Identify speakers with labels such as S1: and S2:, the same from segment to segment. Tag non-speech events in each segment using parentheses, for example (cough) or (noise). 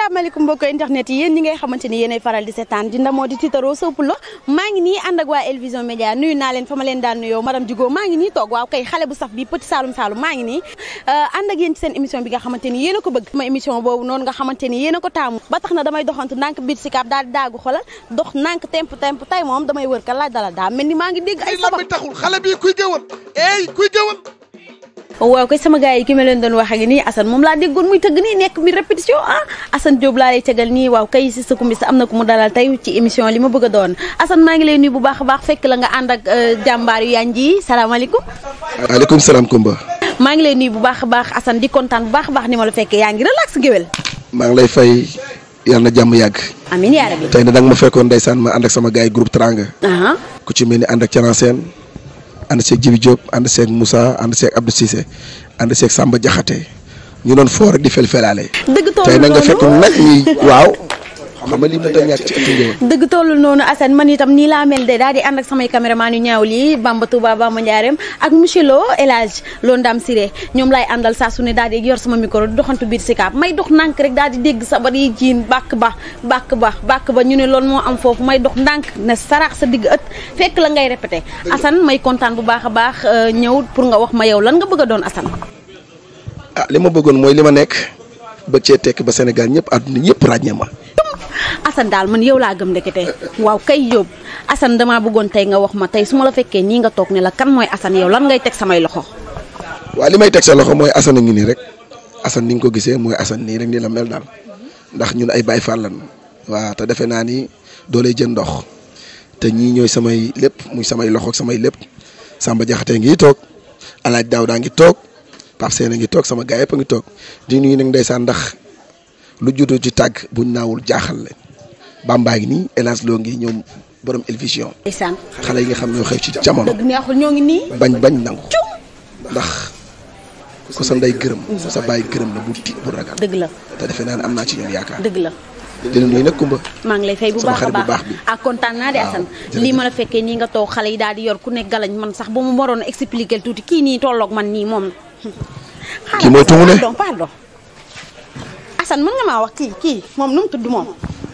S1: asalaamaaleykum mbokk internet yi yéen ñi ngay xamante ni yéenay faral di seetaan di ndamoo di tiitaroo sëpp la maa ngi nii ànd ak waa El Média nuyu naa leen fa ma leen daan nuyoo madame Djigo maa ngi nii toog waaw kay xale bu saf bi petit Saloum Saloum maa ngi nii euh, ànd ak yéen seen émission bi nga xamante ni a bëgg ma émission boobu noonu nga xamante ni a ko taamu ba tax na damay doxantu ndànk biir si kaab daal daagu xolal dox ndànk temp waaw koy sama gars yi ki ma leen doon wax ak nii Assane moom laa déggoon muy tëgg nii nekk mi répétition ah Assane Diop laa lay tegal nii waaw kay si sa kumbis am na ku mu dalal tey ci émission li ma bëgg a doon Assane maa ngi lay nuyu bu baax baax fekk la nga ànd ak jàmbaar yu yànji yi salaamaaleykum.
S2: waaleykum salaam Kumba.
S1: maa ngi lay nuyu bu baax baax Assane di kontaan bu baax a baax ni ma la fekkee yaa relax géwél.
S2: maa ngi lay fay yàlla na jàmm yàgg.
S1: amiin yaa rabbi. tey
S2: nag ma fekkoon ndeysaan ma ànd ak sama gars yi groupe Teranga. ku ci mel ni ak Thiaran ànd seeg Jibi Diop ànd seeg Moussa ànd seeg Abdou Cissé ànd seeg Samba ñu doon foo di fel tey
S1: nag nga fekk nag ñuy waaw.
S2: xam li mënta ñàkk ci ëttu ngéwél
S1: dëgg tollul noonu Assane man itam nii laa mel de daal di ànd ak samay caméraman yu ñaaw Bamba Touba Bamba Ndiarem ak monsieur Lo El Hadj Lo Ndam Siré ñoom laay àndal saa su daal di yor sama micro di doxantu biir Sicap may dox ndànk rek daal di dégg sabar yi jiin bak ba bàkk ba bàkk ba ñu ne loolu moo am foofu may dox ndànk ne saraax sa digg ëtt fekk la ngay répété Assane may kontaan bu baax baax euh, ñëw pour nga wax ma yow lan nga bëgg doon Assane
S2: ah lima ma bëggoon mooy li ma nekk bëgg cee tekk ba Sénégal ñëpp àdduna ñëpp ràññee ma
S1: Assane daal man yow laa gëm ndekete waaw kay yóbb Assane damaa bëggoon tey nga wax ma tey su ma la fekkee nii nga toog ne la kan mooy Assane yow lan ngay teg samay loxo.
S2: waaw li may teg sa loxo mooy Assane nii rek Assane ni ko gisee mooy Assane nii rek nii la mel daal ndax ñun ay Baay Faal lañu waaw te defe naa ni dooley jën ndox te ñii ñooy samay lépp muy samay loxo samay lépp Samba Jaxate ngi toog Alaaj daa ngi toog Pape Seen a ngi toog sama gaay yëpp a ngi toog di nuyu nag ndeysaan ndax lu juddoo ci tàgg bu naawul jaaxal leen bàmbaa ngi hélas ngi borom Elvision. ndeysaan yi nga xam ñoo xew ci jamono. dëgg
S1: neexul ñoo ngi nii. bañ
S2: bañ nangu. ndax ku sa ndey gërëm. sa bàyyi gërëm la bu tiit bu ragal. dëgg la te defe naa ne ci ñoom yaakaar. dëgg la. dina nuyu kumba
S1: ngi lay fay bu baax a ah, ma la nga yi daal di yor ku galañ man sax bu mu expliquer man pardon pardon Hassan mën nga ma wax ki ki mom num tuddu mom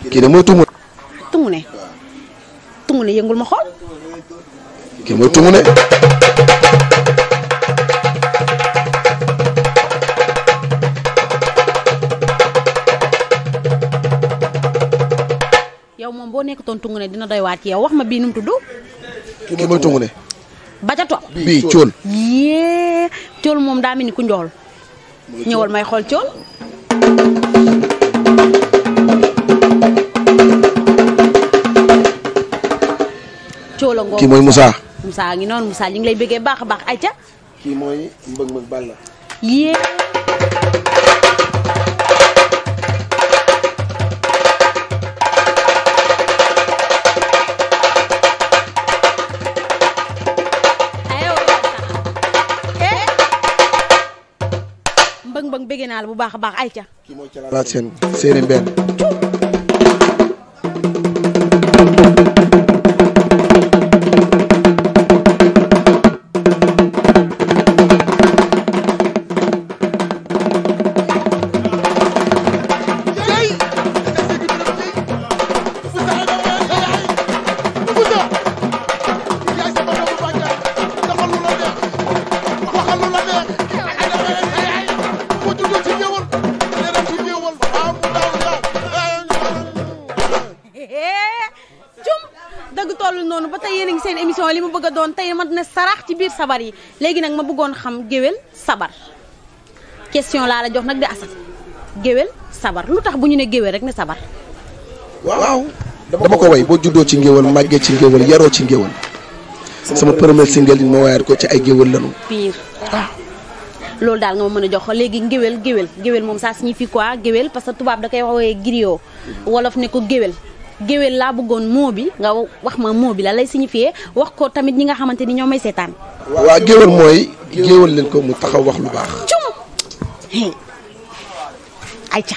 S1: ki kii de tumu tungu. ne tumu ne yengul ma xol ki mooy tumu ne. yow moom boo nekkutoon tungu ne dina doy wat ci yow wax ma bi num tuddu ki kii mooy tungu ne. ba ca topp bii cool. yee cool moom daa mel ku njool. ñewal may xol ciol coolo ngoo ki Musa Moussa Musa ngi noonu Moussa ñu ngi lay bëggee baax a baax Balla yeah. bëggee naa la bu baax a baax ay ca kii mooy
S2: Thialassène Serigne Benn
S1: sabar yi léegi nag ma bëggoon xam géwél sabar question laa la jox nag di asal géwél sabar lu tax bu ñu ne géwél rek ne sabar
S2: waaw dama ko way boo juddoo ci ngéwél màggee ci ngéwél yaroo ci ngéwél sama premier single yi ma waayaat ko ci ay géwél lanu
S1: pire ah. loolu daal nga ma mën a jox léegi ngéwél géwél géwél moom ça signifie quoi géwél parce que tubaab da koy waxee griot wolof ne ko géwél géwél laa bëggoon moo bi nga wax ma moo bi la lay signifié wax ko tamit ñi nga xamante ni ñoo may seetaan.
S2: waa géwél mooy géwél leen ko mu taxaw wax lu baax.
S1: cum ay ca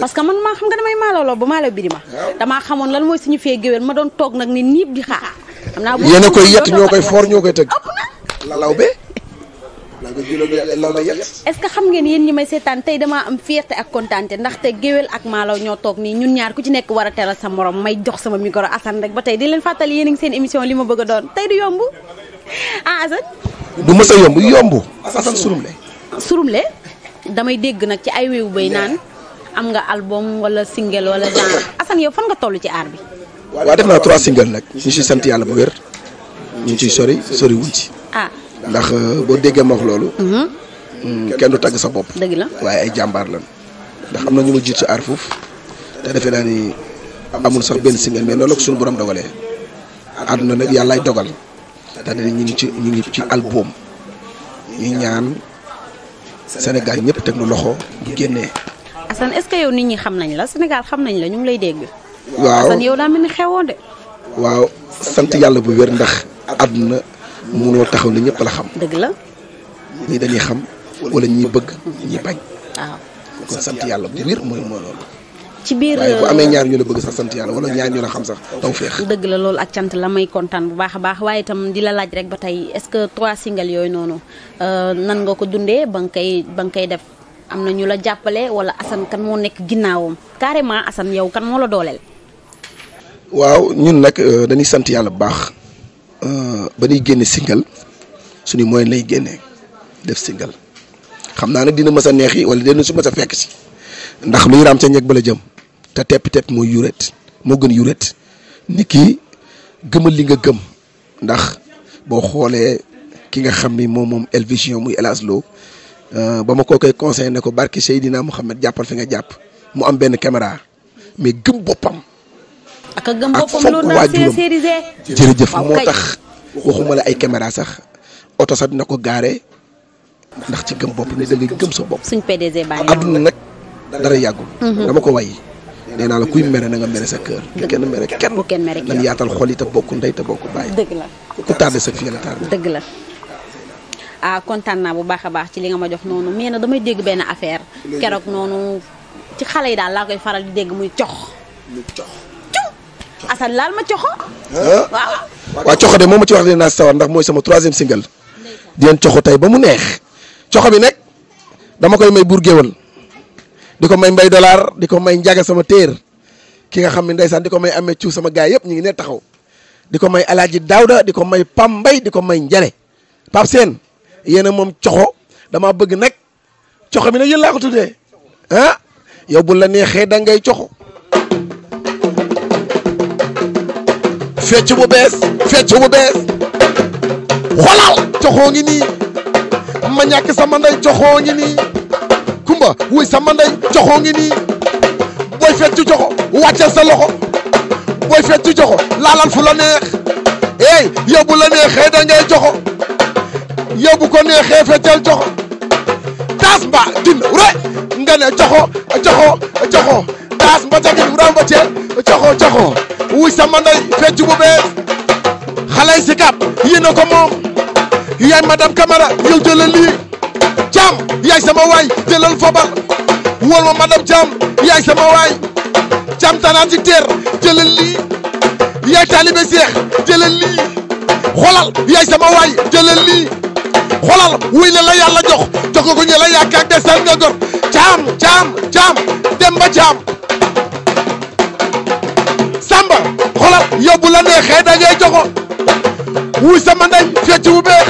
S1: parce que man maa xam nga damay maalaw lool ba maalaw birima damaa xamoon lan mooy signifié géwél ma doon toog nag ni niib di xaar. xam naa yéen a koy yett ñoo koy foor
S2: ñoo koy tëgg. lawbe est
S1: ce que xam ngeen yéen ñi may seetaan tey damaa am fierté ak kontaante ndaxte géwél ak maalaw ñoo toog nii ñun ñaar ku ci nekk war a sa morom may jox sama micro asan rek ba tay di leen fàttali yéen a ngi seen émission li ma bëgg a doon tey du yomb ah Assane. du mës a yomb damay dégg ci ay bay naan am nga album wala single wala genre asan yow fan nga toll ci aar bi.
S2: waaw def naa trois single nag ñu ciy sant yàlla bu wér ñu sori sori wuñ ci. ah ndax euh, boo déggee ma wax loolu. Mhm. Hmm, kenn du tagg sa bopp. dëgg la waaye ay jàmbaar lan ndax am na ñu ma jiit si aar foofu te defe naa ni amul sax benn single mais loolu ak suñu borom dogalee àdduna nag yàllaay dogal te ne ñu ci ñu ngi ci album ñu ñaan Sénégal ñëpp teg na loxo bu génnee.
S1: Assane est-ce que yow nit ñi xam nañ la Sénégal xam nañ la ñu ngi lay dégg.
S2: waaw waaw sant yàlla bu wér ndax àdduna. munoo taxaw ne ñëpp la xam. dëgg la. ñii dañuy xam wala ñi bëgg ñi bañ. waaw kon sant yàlla bu wér mooy mooy loolu.
S1: ci biir waaye bu euh,
S2: ñaar ñu la bëgg sax sant yàlla wala ñaar xam sax taw féex.
S1: la loolu ak cant la may kontaan bu baax a baax waaye tam di la laaj rek ba tey est-ce que trois singles yooyu noonu euh, nan nga ko dundee ba nga kay ba nga koy def am na ñu la jàppale wala Assane kan moo nekk ginnaawam carrément Assane yow kan moo la dooleel.
S2: waaw ñun nag euh, dañuy sant yàlla bu baax. ba ñuy génne single suñu mooy lay génnee def single xam naa nag dina mës a neex yi wala dina su mës a fekk si ndax luy raam sa ñeg ba la jëm te tepp tepp mooy yuret moo gën yuret nit ki gëmal li nga gëm ndax boo xoolee ki nga xam ni moom moom El muy El Hadj euh, ba ma koo koy ne ko barke Seydina Mouhamed jàppal fi nga jàpp mu am benn caméra mais gëm boppam.
S1: ak gëm boppam loolu naa sincérisé jërëjëf moo tax waxuma la
S2: ay caméra sax oto sax dina ko gaare ndax ci gëm bopp ni da ngay gëm sa bopp suñ
S1: PDG baa ngi àdduna
S2: nag dara yàggul mhm. dama ko way nee naa la kuy mere na nga mere sa kër bu kenn mere kenn
S1: bu kenn mere kenn yaatal xol
S2: yi te bokk ndey te bokk bàyyi dëgg la ku tardé sa fii la tardé dëgg
S1: la ah kontaan naa bu baax a baax ci li nga ma jox noonu mais nag damay dégg benn affaire keroog noonu ci xale yi daal laa koy faral di dégg muy cox Assane laal ma coxo.
S2: waaw waaw coxo de moom ma ci wax ne naa sawar ndax mooy sama troisième single. di leen coxo tey ba mu neex. coxo bi nag dama koy may buur géwal di ko may mbay dollar di ko may njaga sama téer ki nga xam ne ndeysaan di ko may amee ciw sama gaay yëpp ñu ngi ne taxaw. di ko may alaaji daawda di ko may pam mbay di ko may njale pap seen yéen moom coxo damaa bëgg nag coxo bi nag yéen laa ko tuddee yow bu la neexee da ngay coxo fecc bu bees fecc bu bees xolal joxoo ngi ma ñàkk sama ndey kumba wuy sama ndey joxoo fecc joxo wàcceel sa loxo booy fecc joxo laalal fu la neex ey yow bu la neexee da joxo yow bu ko neexee fecceel joxo taas mbaa din re nga ne joxo joxo joxo kaas mbacake ramba ce coxo coxo wuy sama ndey fecc bu bees xaley si kap yéen a ko moom yaay madame Camara yow jëlal lii jam yaay sama waay jëlal fobal wol ma madame jam yaay sama waay jam tana ci teer jëlal lii yaay taalibe seex jëlal lii xolal yaay sama waay lii xolal wuy la la yàlla ko ñu la yaakaar desal nga gor caam caam caam dem xoolal yow bu la neexee da ngay joxo wuy sama ndey fecc wu beex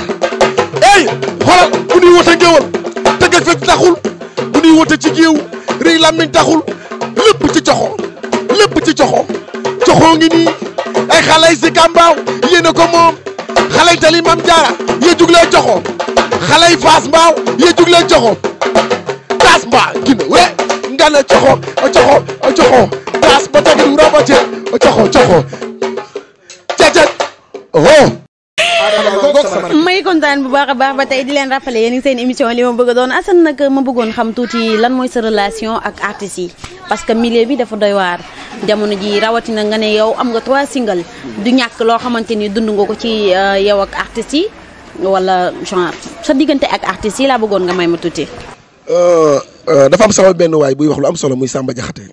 S2: ey xoolal bu ñuy wote géwal tëgg ak fecc taxul bu ñuy wote ci géew rëy làmmiñ taxul lépp ci joxo lépp ci joxo joxoo ngi nii ay xale yi si yéene ko moom xale yi tali mam jaara yee jug leen joxo xale yi faas mbaaw yee jug taas mbaa gina we nga ne joxo joxo coxo taas ba oh.
S1: may kontaan bu baax a baax ba tey di leen rappelé yéen ngi seen émission li ma bëgg a doon Assane nag ma bëggoon xam tuuti lan mooy sa relation ak artistes yi parce que milieu bi dafa doy waar jamono ji rawatina nga ne yow am nga trois single du ñàkk loo xamante ni dund nga ko ci euh, yow ak artistes yi wala genre sa diggante ak artistes yi laa bëggoon nga may ma tuuti.
S2: Euh, euh, dafa am sama benn waay buy wax lu am solo muy Samba Diakhaté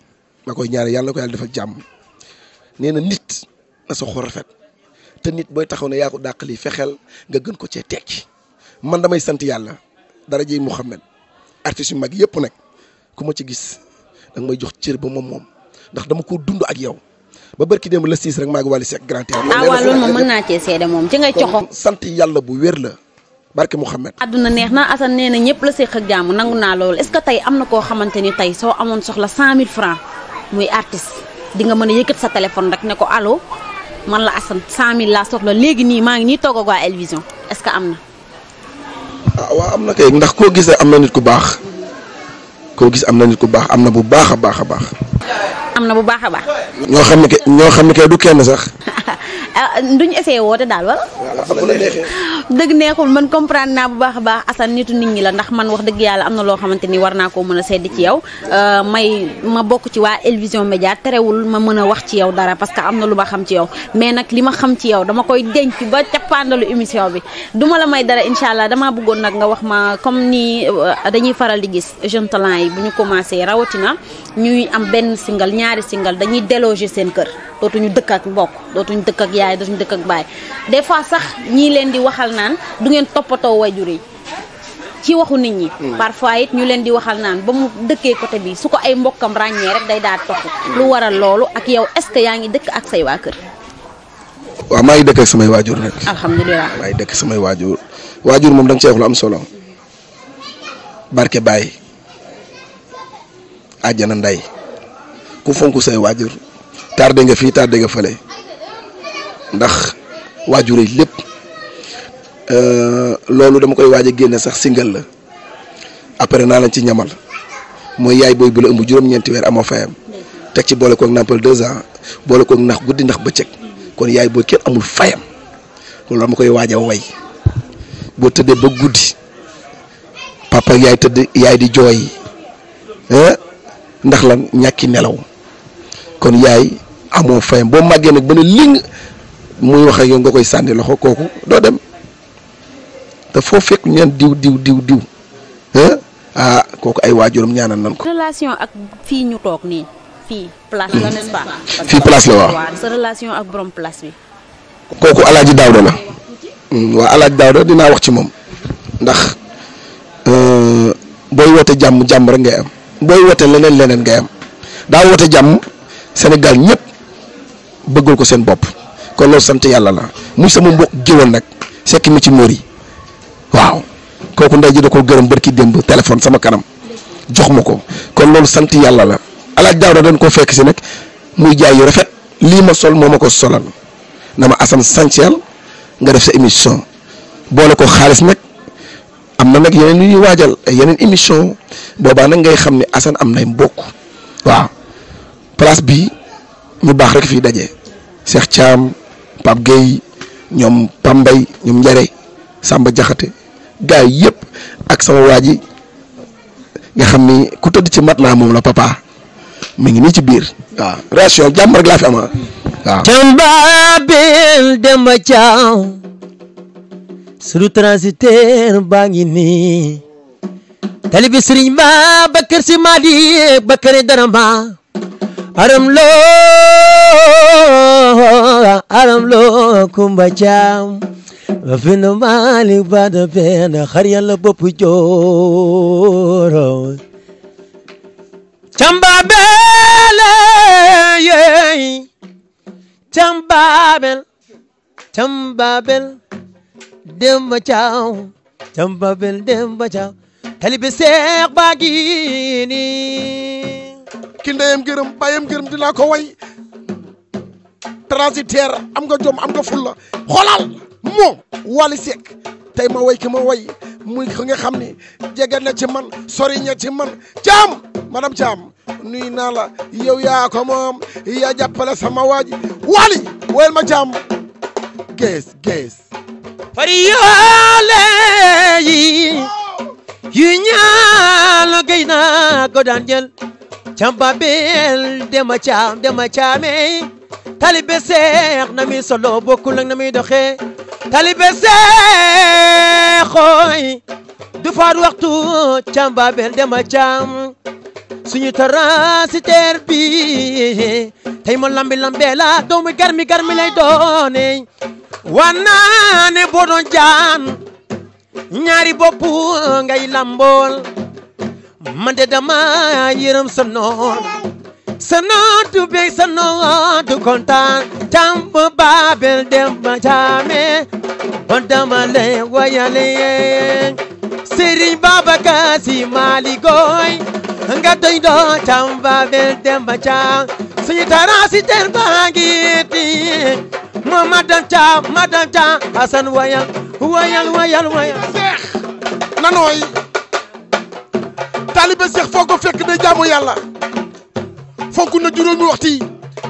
S2: ma koy ñaare yàlla ko yàlla defal jàmm nee na nit na sa rafet te nit booy taxaw ne yaa ko dàq lii fexeel nga gën ko cee ci man damay sant yàlla dara ji Mouhamed artiste yu mag yëpp nag ku ma ci gis danga may jox cër ba moom moom ndax dama ko dund ak yow ba barki dem la siis rek maa ah,
S1: naa cee seede moom ci ngay coxo.
S2: sant bu wér la. barke Mouhamed.
S1: àdduna neex na Assane nee na ñëpp la seq ak jàmm nangu naa loolu est que tey am na koo xamante ni tey soo amoon soxla 100000 francs muy artiste di nga mën a yëkkat sa téléphone rek ne ko aloo man la Assane 100000 laa soxla léegi nii maa ngi nii toog ak waa Elvision est-ce que am na.
S2: ah waaw am na kay ndax koo gis am na nit ku baax koo gis am na nit ku baax am na bu baax a baax a baax.
S1: am na bu baax a baax. ñoo xam
S2: ne que xam ne que du kenn sax. (laughs)
S1: Ah, duñu essayé woote daal wala. dëgg neexul man comprendre naa bu baax a baax Assane nitu nit ñi la ndax man wax dëgg yàlla am na loo xamante ni war naa koo mën a sedd ci yow euh, may ma bokk ci waa Elvision Média terewul ma mën a wax ci yow dara parce que am na lu ma xam ci yow mais nag li ma xam ci yow dama koy denc ba cappaandalu émission bi duma la may dara incha allah damaa bëggoon nag nga wax ma comme ni euh, dañuy faral di gis jeune talent yi bu ñu commencé rawatina ñuy am ben single ñaari single dañuy déloger sen kër ñu dëkk ak mbokk ñu dëkk ak yaay ñu dëkk ak baay des fois sax ñi leen di waxal naan du ngeen topato wajuri ci waxu nit ñi hmm. parfois it ñu leen di waxal naan ba mu dëkke côté bi suko ay mbokam rañé rek day da top lu hmm. waral loolu ak yow est ce yaangi dëkk ak say waa kër
S2: waaw dëkk ak samay wajur rek
S1: alhamdullilah
S2: may dëkk samay wajur wajur mom dang ci wax lu am solo barke bay. àjjana nday ku fonk say waajur tardé nga fii tardé nga fële ndax waajur yi lépp euh, loolu dama koy waaj a génne sax single la après naa lañ ci ñamal mooy yaay booy bu la ëmb juróom-ñeenti weer amoo fayam teg ci boole koog nàmpal deux ans boole koog ndax guddi ndax bëccëg kon yaay booy kenn amul fayam loolu dama koy waaj a way boo tëddee ba guddi papa yaay tëdd yaay di jooy ndax la ñaki nelaw kon yaay amo fay bo magge nak ling muy wax ak yow nga koy sànni loxo koku do dem diu fo fek ñen diw diw diw diw ah koku ay wajurum ñaanal nan ko
S1: relation ak finu ñu tok ni fi place la hmm. nest pas fi place la wa sa relation ak borom place bi
S2: koku alaaji dawda la hmm, wa alaaji dawda dina wax ci mom ndax euh, boy wote jam jam rek ngay am booy wote leneen leneen ngay am daa wote jàmm Sénégal ñëpp bëggal ko seen bopp kon loolu sant yàlla la muy sama mbokk géwël nag sekk mi ci móor yi waaw kooku ndey ji da ko gërëm ki démb téléphone sama kanam jox ma ko kon loolu sant yàlla la alaaj daaw dañ koo fekk si nag muy jaay yu rafet lii ma sol moo ma ko solal na ma asan sanceel nga def sa émission boole ko xaalis nag Amna na yeneen ñuy wajal yeneen émission boba nak ngay xamni asan am nay mbokk waaw place bi mu bax rek fi dajé Cheikh cham pap gay ñom Pambay ñom Njare Samba Jaxate gaay yépp ak sama waji nga xamni ku tëdd ci matna mom la papa mi ngi ni ci bir waaw ration jàmm rek la fi ama waaw.
S3: Thiam Babil dem sunu transitaire baa ngi nii talibi sëriñ Babacar Si Maadi Bakari Darama aram loo aram loo Kumba Caam ba fi nu maalik ba da benn xar yàlla bopp jooro cambabel yey cambabel cambabel Demba Thiaw Demba Bel Demba Thiaw xeli bi seex baa gi ni ki ndeyam gërëm ko
S2: way transitaire am nga jom am nga fulla xolal mo wali sek tay ma way ki ma way muy ko nga xamni jegal na ci man sori nya ci man jam, madam jam, nuy nala, la yow ya ko mom ya jappale sama waji wali wel ma jam guess guess
S3: fariyoole yi yu ñaalo gay naa ko daan jël camba beel dema caam dema caamey talibe seex na du faat waxtu camba beel suñu transitaire bi tey ma lambi lambee doomu garmi garmi lay doone wanaane boo doon jaan ñaari bopp ngay lambool man de dama yërëm sa noon du bég sa du kontaan jàmm baabel dem ba jaame dama lay wayale Serigne Babacar Sy Malick Ngoye nga doy doo cam baabel demba cam suñu taraasi teen baa ngi tiye moo madam cam madam cam asan wayal wayal wayal wayal seex nanooy
S2: taalibe seex foo fekk day jaamu yàlla fonk na juróomi waxtu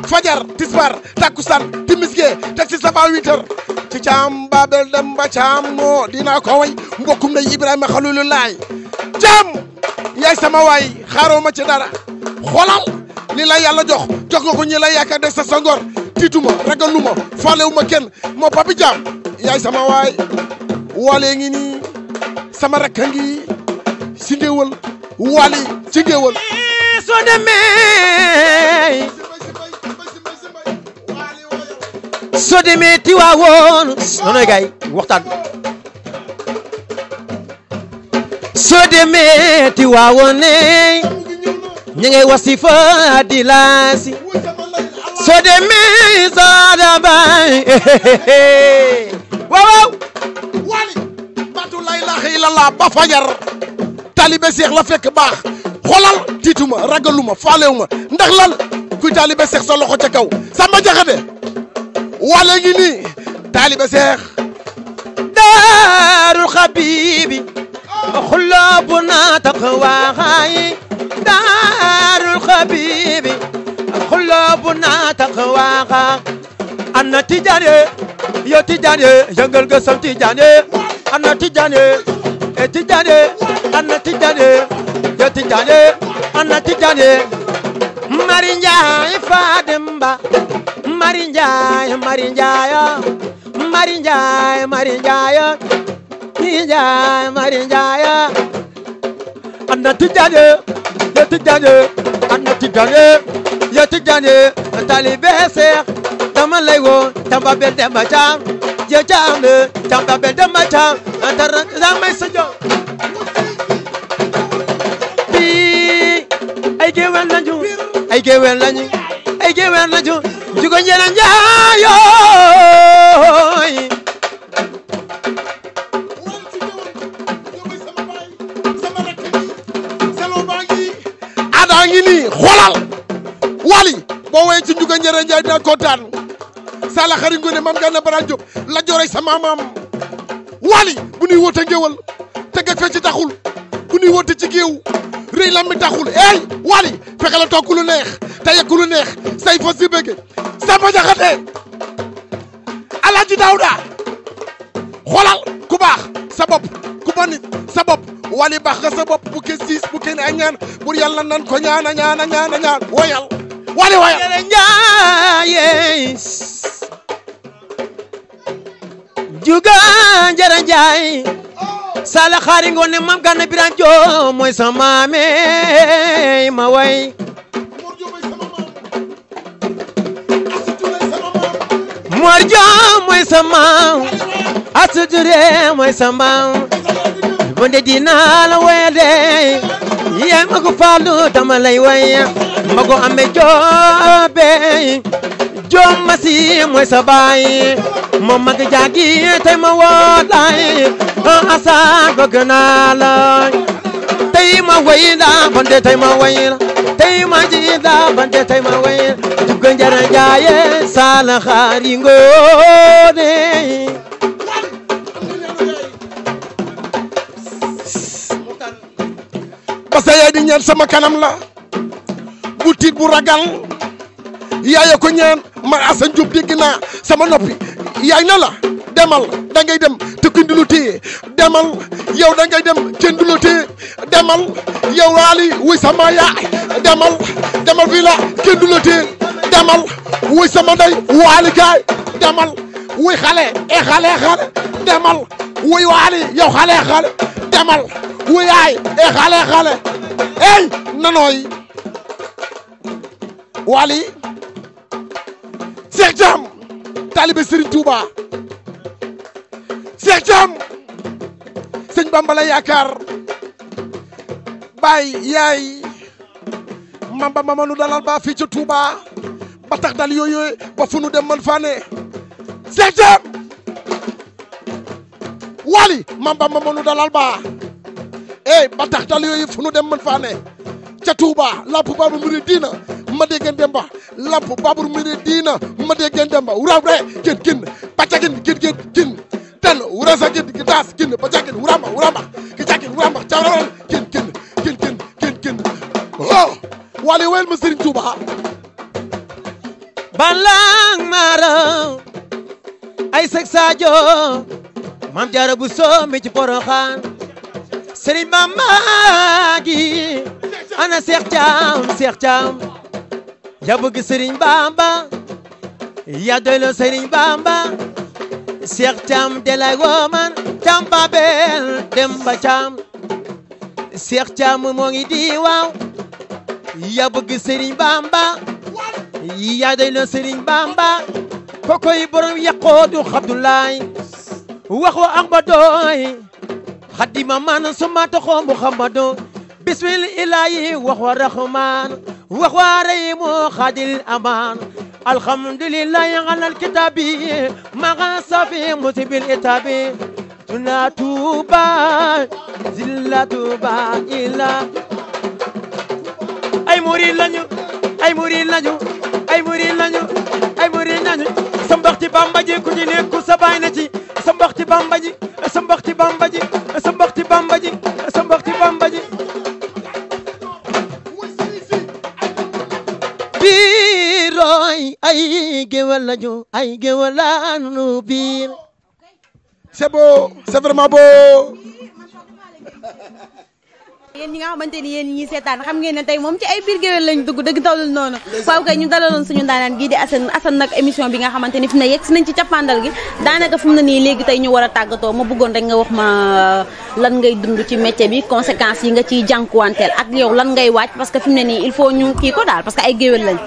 S2: fajar tisbar takkusaan timis gee teg ci ci caam demba cam moo dinaa ko way mbokkum na Ibrahima Xaliilu Laay cam yaay sama waay xaaroo ma ci dara xoolal li la yàlla jox jox nga ko ñi lay yaakaar des sa sa ngor tiituma ragaluma faalewuma kenn moo papi jaam yaay sama waay waale ngi sama rakka ngi si ngéewal
S3: waali ci ngéewal soo demee soo demee ti waawoon gay waxtaan soo demee ti waawoone ñi ngay wasifa di laasi soo demee saada baay
S2: waaw waaw wali batu la ilaha illallah ba fajar taalibe seex la fekk baax xolal tiituma ragaluma faalewuma ndax lan kuy taalibe seex sa loxo ca kaw Samba Jaxate wale ngi nii taalibe seex
S3: daaru xabiibi خلابنا تقوى غاي دار الخبيب خلابنا تقوى غاي أنا تجاني يا تجاني جنجل قسم تجاني أنا تجاني تجاني أنا تجاني يا تجاني أنا تجاني مرنجاي فادمبا مرنجاي مرنجاي مرنجاي مرنجاي marinja marinja ya anna tijane ya tijane anna tijane ya tijane talibe ser tamalai wo tamba bende macha ya jame tamba bende macha antara zamai sajo bi ai ke wan lanju ai ke wan lanju ai ke wan lanju jugo nyana nyayo
S2: xoolal wali boo woyee ci Ndiouga Ndiéré Ndiaye dina kontaan Sala xari Ngone Mame Gana Bara Diop la joore sama wali bu nuy woote ngéwal tëgg ak fecc taxul bu nuy woote ci géew rëy lam mi taxul ey wali fexe la toog neex te neex say fa si bëgge Samba Jaxate Alaaji Daawda xolal ku bax sa bop ku bon sa bop wali bax sa bop bu ke sis bu ke ñaan bur yàlla nan ko ñaan ñaan ñaan ñaan woyal wali woyal
S3: njaaye juga jara jay sala xaari ngone mam gana biran jo moy sa mame ma way mor jo moy sama Astou Touré mooy sambam man de dinaa la woyal de yaay magu Fallou dama lay woy magu Amé Joobe joom ma si mooy sa baay moom jaagi tey ma woo laay asa bëgg naa la tey ma woy la man de tey ma woy la tey ma ji la man tey ma woy jugga njara njaaye saala xaari ngoone
S2: parce que yaay di ñaan sama kanam la bu tiit bu ragal yaaya ko ñaan man Assane Diop sama noppi yaay na la demal da ngay dem te kenn du la téye da ngay dem kenn du la téye waali wuy sama yaay demal demal fii la kenn du la wuy sama day waali gaay demal wuy xale e xale eh xale demal wuy waali yow xale eh xale demal wuyaay e eh, xale xale ey eh, nanooy wali Cheikh Thiam taalibe Serigne Touba Cheikh Thiam sëñ Bamba yaakaar baay yaay mamba mama dalal ba fii ca Touba ba tax dal yooyu ba fu dem man faa ne Cheikh wali mamba nu dalal ba eh ba tax dal yoy fu nu dem man fa ne ca touba lamp babu muridina ma degen dem ba lamp babu muridina ma degen dem ba wura wura gen ken pacha gen gen gen ken tan wura sa tas gen ba ca gen wura ma wura ma ki gen wura ma gen gen gen gen
S3: gen gen oh wali wel ma serigne touba balang mara ay saja. maam jaara bu soo mi ci bamba gi ana seex caam seex caam yaa bëgg sëriñ bamba yaa doylo sëriñ bamba seex caam delay wooman caam babel dem ba caam seex caam moo di waaw yaa bëgg sëriñ bamba yaa doylo sëriñ bamba kokoy borom yaqoodu xabdulaay wax wa axmbadoy xadima man suma toxo bismil ilahi wax wa rahman wax wa rahimu xadil aman alhamdulillahi ala alkitabi maxa musibil itabi tuna tuba zilla tuba ila ay murid lañu ay murid lañu ay murid lañu ay murid lañu sa mbaxti Bamba ku ci na ci mboxti bamba ji sa mboxti bamba ji sa mboxti bamba ji sa mboxti bamba ji biirooy ay géwél lañu ay géwél lañu biir c'est beau c'est vraiment beau
S1: yen ñi nga xamanteni yen ñi sétane xam ngeen ne tay mom ci ay bir géwél lañ dugg dëgg tawul noonu faaw kay ñu dalaloon suñu ndaanaan gi di asan asan nak émission bi nga xamanteni ni yex nañ ci cappaandal gi daanaka fi ni légui tay ñu wara tagato ma bëggoon rek nga wax ma euh, lan ngay dund ci métier bi conséquences yi nga ci jànkuwanteel ak yow lan ngay wacc parce que fi ni il faut ñu ki ko dal parce que ay géwél lañ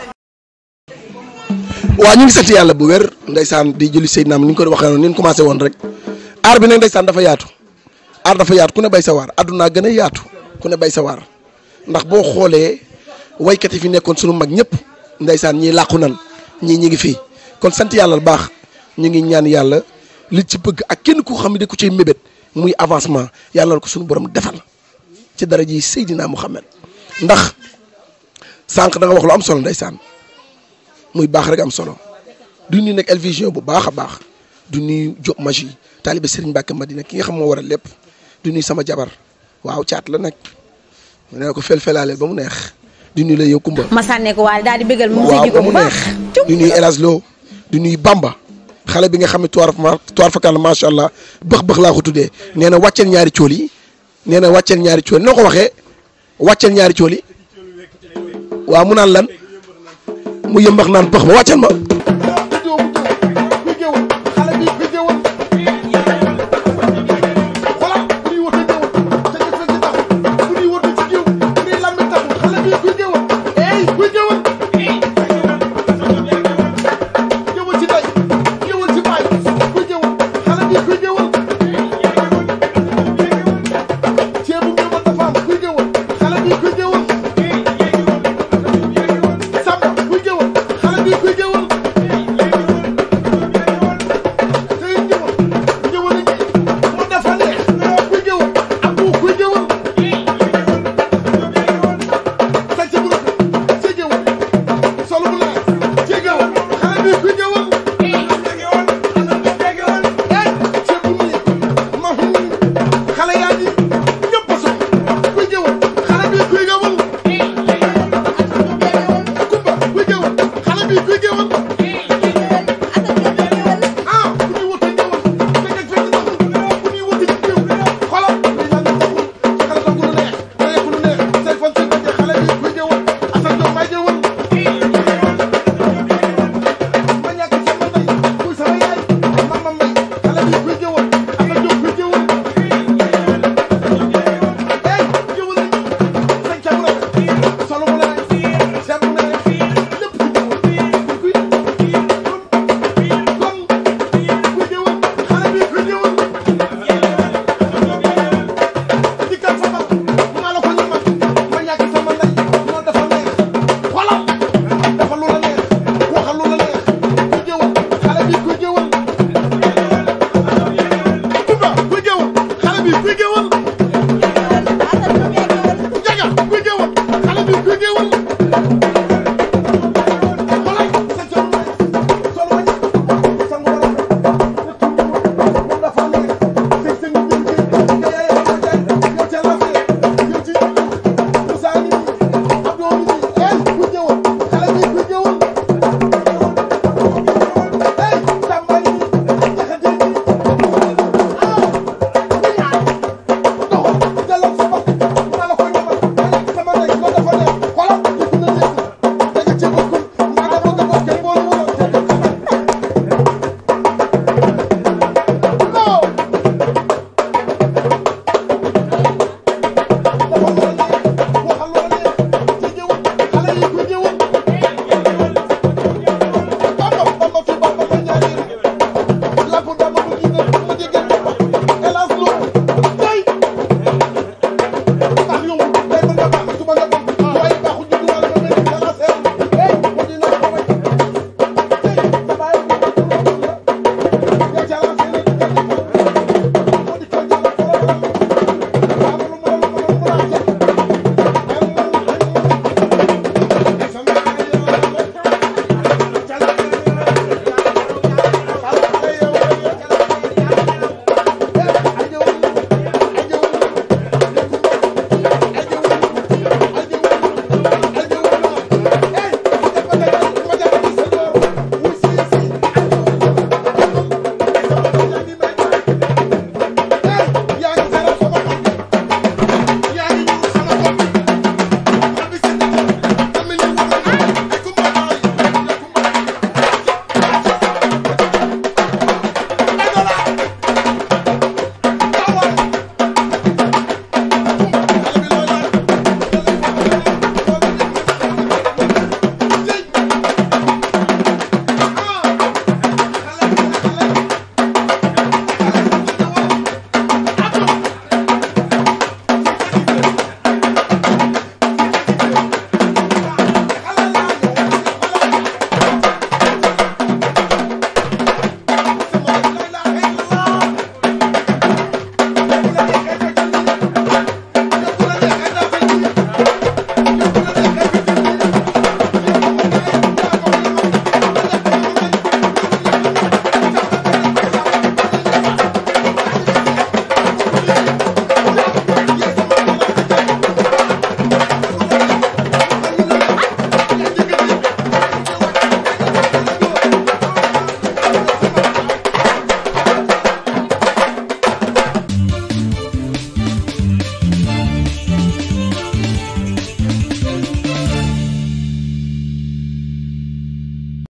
S2: wa ñu ngi sant yalla bu wër ndaysan di julli Seydina ni ñu ko waxal ñu commencé won rek ar bi nak ndaysan dafa yaatu ar dafa yaatu ku ne bay sa waar adduna gën yaatu ku ne bay sa ndax boo xoolee waykat yi fi nekkoon sunu mag ñëpp ndaysaan ñii làqu nan ñii ñi ngi fii kon sant yàlla bu baax ñu ngi ñaan yàlla li ci bëgg ak kenn ku xam ne ku ciy mébét muy avancement yàllal ko suñu borom defal ci dara ji dina Muhammad ndax sànq da nga wax lu am solo ndeysaan muy baax rek am solo du ñu nekk El bu baax a baax du ñuy Diop Magie taalibe Serigne Mbacke Madina ki nga xam moo waral lépp du ñuy sama jabar waaw caat la nag mu ne ko felfelaale ba mu neex di nuyu la yëkkumba.
S1: Masane ko waaye daal di bëggal mu tëjee ko waaw ba mu neex
S2: di nuyu El Hadj Lo Bamba xale bi nga xam ne tuwaar ma tuwaar la macha allah bëx bëx laa ko tuddee nee na wàcceel ñaari cool yi nee na wàcceel ñaari cool yi noo ko waxee waccal ñaari cool yi waaw mu naan lan mu yëmbax naan bëx ba wàcceel ma.